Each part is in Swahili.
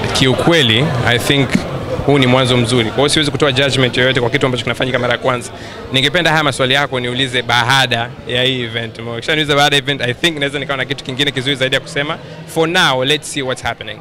kiukweli I think huu ni mwanzo mzuri. Kwa hiyo siwezi kutoa judgment yoyote kwa kitu ambacho kinafanyika mara ya kwanza. Ningependa haya maswali yako niulize baada ya hii event. Ukishaniuliza baada ya event, I think naweza nikawa na kitu kingine kizuri zaidi ya kusema. For now, let's see what's happening.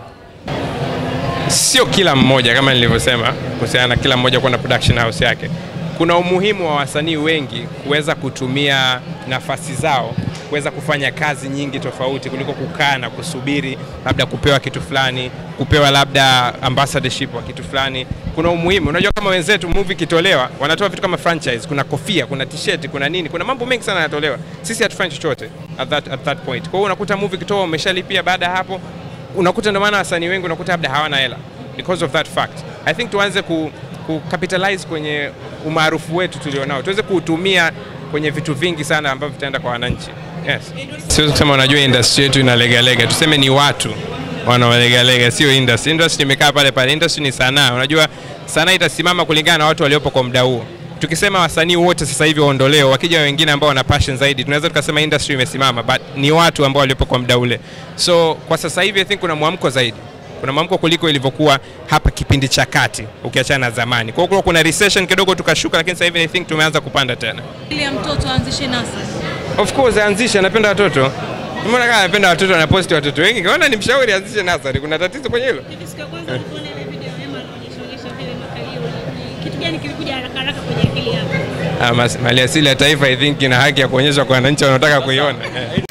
Sio kila mmoja kama nilivyosema, kuhusiana na kila mmoja kuwa na production house yake. Kuna umuhimu wa wasanii wengi kuweza kutumia nafasi zao kuweza kufanya kazi nyingi tofauti kuliko kukaa na kusubiri labda kupewa kitu fulani, kupewa labda ambassadorship wa kitu fulani. Kuna umuhimu, unajua kama wenzetu movie kitolewa, wanatoa vitu kama franchise, kuna kofia, kuna t-shirt, kuna nini, kuna mambo mengi sana yanatolewa. Sisi hatufanyi chochote at that, at that point. Kwa hiyo unakuta movie kitoa umeshalipia, baada ya hapo unakuta, ndio maana wasanii wengi unakuta labda hawana hela because of that fact. I think tuanze ku, ku capitalize kwenye umaarufu wetu tulionao, tuweze kuutumia kwenye vitu vingi sana ambavyo vitaenda kwa wananchi. Yes. Siwezi kusema unajua industry yetu inalegalega, tuseme ni watu wanaolegalega, sio industry. Industry imekaa pale pale, industry ni sanaa. Unajua sanaa itasimama kulingana na watu waliopo kwa muda huo. Tukisema wasanii wote sasa hivi waondolewe, wakija wengine ambao wana passion zaidi, tunaweza tukasema industry imesimama, but ni watu ambao waliopo kwa muda ule. So kwa sasa hivi I think kuna mwamko zaidi kuna mwamko kuliko ilivyokuwa hapa kipindi cha kati ukiachana na zamani. Kwa hiyo kuna recession kidogo tukashuka, lakini sasa hivi I think tumeanza kupanda tena. Ili mtoto aanzishe nasi. Of course aanzishe, anapenda watoto. Umeona kama anapenda watoto anaposti watoto wengi? Kaona ni mshauri aanzishe nasa, kuna tatizo kwenye hilo? Ah, maliasili ya taifa I think ina haki ya kuonyesha kwa wananchi wanaotaka kuiona.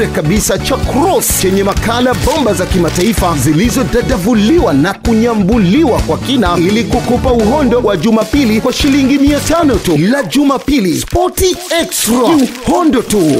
bure kabisa cha Cross chenye makala bomba za kimataifa zilizodadavuliwa na kunyambuliwa kwa kina ili kukupa uhondo wa Jumapili kwa shilingi mia tu. La Jumapili, spoti extra, kiuhondo tu.